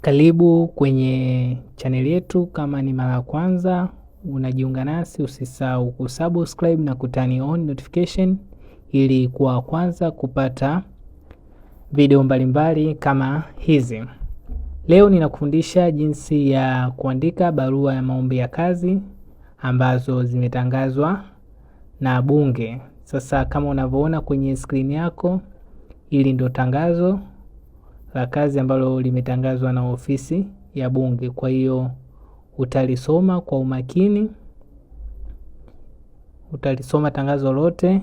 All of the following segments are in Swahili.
Karibu kwenye chaneli yetu. Kama ni mara ya kwanza unajiunga nasi, usisahau kusubscribe na kutani on notification ili kuwa kwanza kupata video mbalimbali mbali kama hizi. Leo ninakufundisha jinsi ya kuandika barua ya maombi ya kazi ambazo zimetangazwa na Bunge. Sasa kama unavyoona kwenye skrini yako, hili ndio tangazo la kazi ambalo limetangazwa na ofisi ya Bunge. Kwa hiyo utalisoma kwa umakini, utalisoma tangazo lote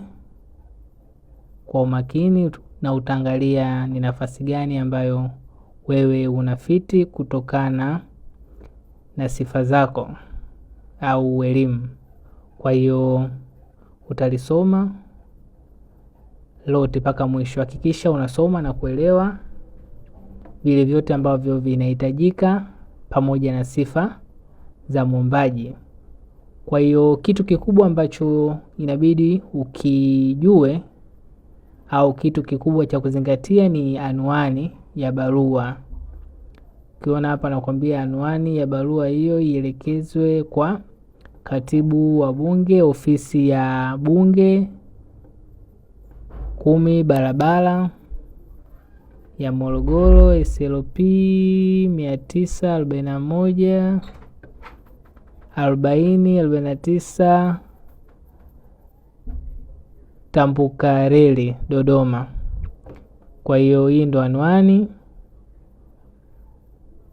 kwa umakini na utaangalia ni nafasi gani ambayo wewe unafiti kutokana na sifa zako au elimu. Kwa hiyo utalisoma lote mpaka mwisho. Hakikisha unasoma na kuelewa vile vyote ambavyo vinahitajika pamoja na sifa za mwombaji. Kwa hiyo kitu kikubwa ambacho inabidi ukijue au kitu kikubwa cha kuzingatia ni anwani ya barua. Ukiona hapa nakwambia anwani ya barua hiyo ielekezwe kwa Katibu wa Bunge, Ofisi ya Bunge, kumi barabara ya Morogoro SLP 941 40 49 Tambuka Reli Dodoma. Kwa hiyo hii ndo anwani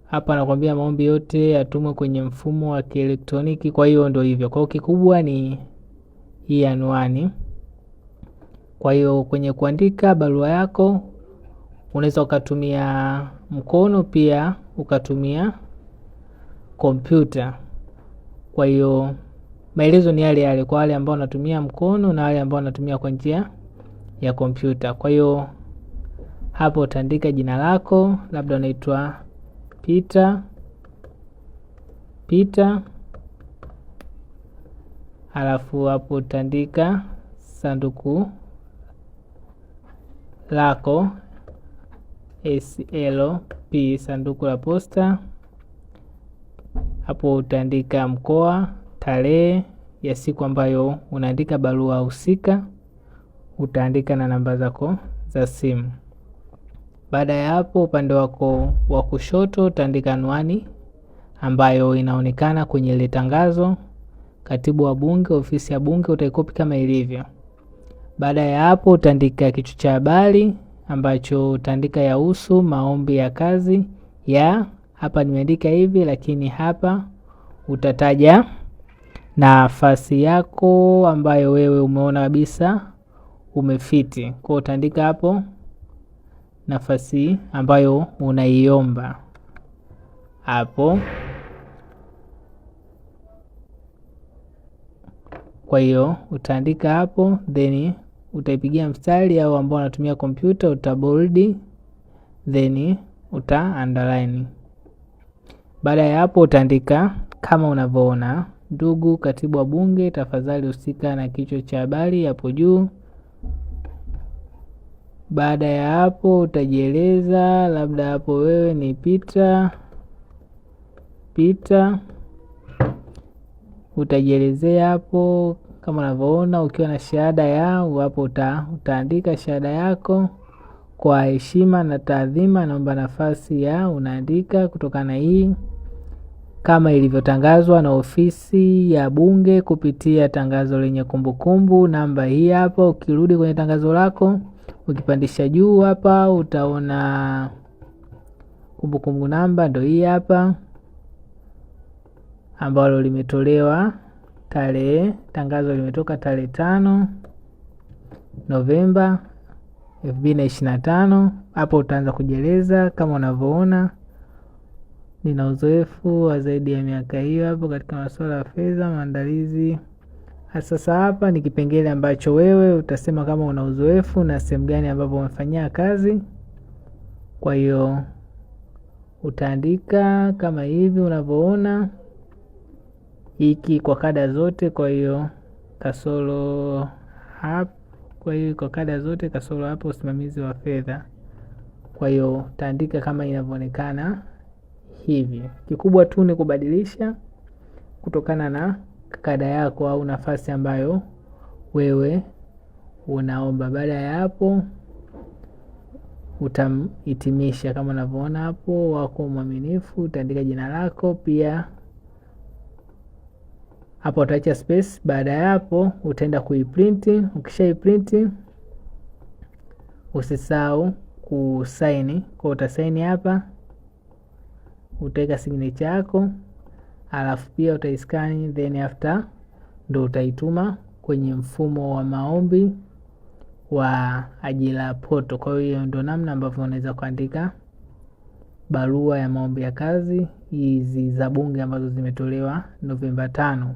hapa, nakwambia maombi yote yatumwe kwenye mfumo wa kielektroniki. Kwa hiyo ndo hivyo, kwa hiyo kikubwa ni hii anwani. Kwa hiyo kwenye kuandika barua yako Unaweza ukatumia mkono pia ukatumia kompyuta. Kwa hiyo maelezo ni yale yale kwa wale ambao wanatumia mkono na wale ambao wanatumia kwa njia ya kompyuta. Kwa hiyo hapo utaandika jina lako, labda unaitwa Peter Peter, alafu hapo utaandika sanduku lako SLP sanduku la posta. Hapo utaandika mkoa, tarehe ya siku ambayo unaandika barua husika, utaandika na namba zako za simu. Baada ya hapo, upande wako wa kushoto utaandika anwani ambayo inaonekana kwenye ile tangazo, katibu wa Bunge, ofisi ya Bunge, utaikopi kama ilivyo. Baada ya hapo, utaandika kichwa cha habari ambacho utaandika yahusu maombi ya kazi ya hapa nimeandika hivi, lakini hapa utataja nafasi yako ambayo wewe umeona kabisa umefiti. Kwa utaandika hapo nafasi ambayo unaiomba hapo. Kwa hiyo utaandika hapo, theni utaipigia mstari au ambao unatumia kompyuta uta bold then uta underline. Baada ya hapo utaandika kama unavyoona: ndugu katibu wa Bunge, tafadhali husika na kichwa cha habari hapo juu. Baada ya hapo utajieleza, labda hapo wewe ni Peter Peter, utajielezea hapo kama unavyoona ukiwa na shahada ya uwapo, uta, utaandika shahada yako kwa heshima na taadhima. Naomba nafasi ya unaandika kutokana na hii kama ilivyotangazwa na ofisi ya Bunge kupitia tangazo lenye kumbukumbu namba hii hapa. Ukirudi kwenye tangazo lako ukipandisha juu hapa, utaona kumbukumbu namba, ndo hii hapa ambalo limetolewa tarehe, tangazo limetoka tarehe tano Novemba elfu mbili na ishirini na tano. Hapo utaanza kujieleza kama unavyoona nina uzoefu wa zaidi ya miaka hiyo hapo katika masuala ya fedha maandalizi. Sasa hapa ni kipengele ambacho wewe utasema kama una uzoefu na sehemu gani ambapo umefanyia kazi. Kwa hiyo utaandika kama hivi unavyoona hiki kwa kada zote, kwa hiyo kasoro hapa. Kwa hiyo kwa kada zote kasoro hapo usimamizi wa fedha. Kwa hiyo taandika kama inavyoonekana hivi. Kikubwa tu ni kubadilisha kutokana na kada yako au nafasi ambayo wewe unaomba. Baada ya hapo utahitimisha kama unavyoona hapo, wako mwaminifu, utaandika jina lako pia hapo utaacha space. Baada ya hapo, utaenda kuiprinti. iprint usisahau kusaini, kwa utasaini hapa, utaweka signature yako, alafu pia utaiskani, then after ndo utaituma kwenye mfumo wa maombi wa ajira poto. Kwa hiyo ndo namna ambavyo unaweza kuandika barua ya maombi ya kazi hizi za bunge ambazo zimetolewa Novemba tano.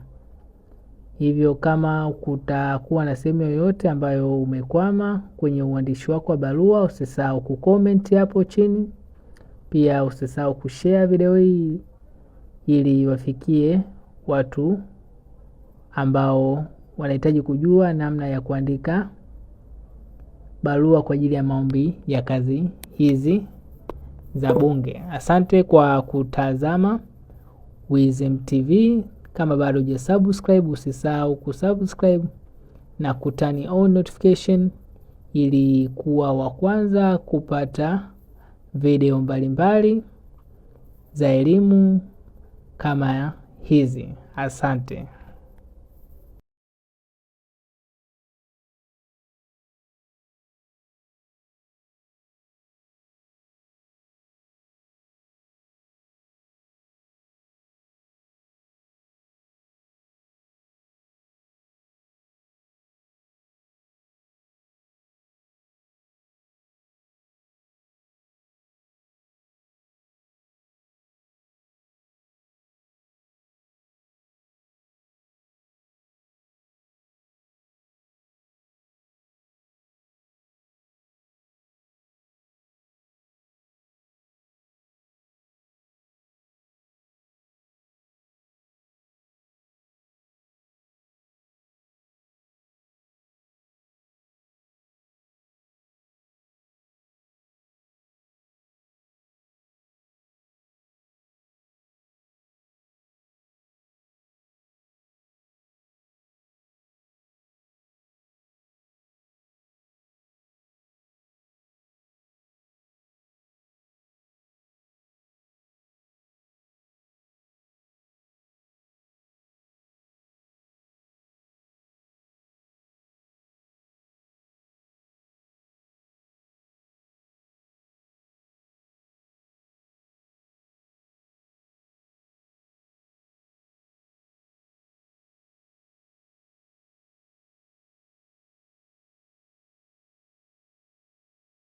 Hivyo kama kutakuwa na sehemu yoyote ambayo umekwama kwenye uandishi wako wa barua, usisahau kucomment hapo chini. Pia usisahau kushare video hii ili wafikie watu ambao wanahitaji kujua namna ya kuandika barua kwa ajili ya maombi ya kazi hizi za Bunge. Asante kwa kutazama Wizem TV. Kama bado subscribe, usisahau kusubscribe na kutani on notification ili kuwa wa kwanza kupata video mbalimbali mbali za elimu kama hizi. Asante.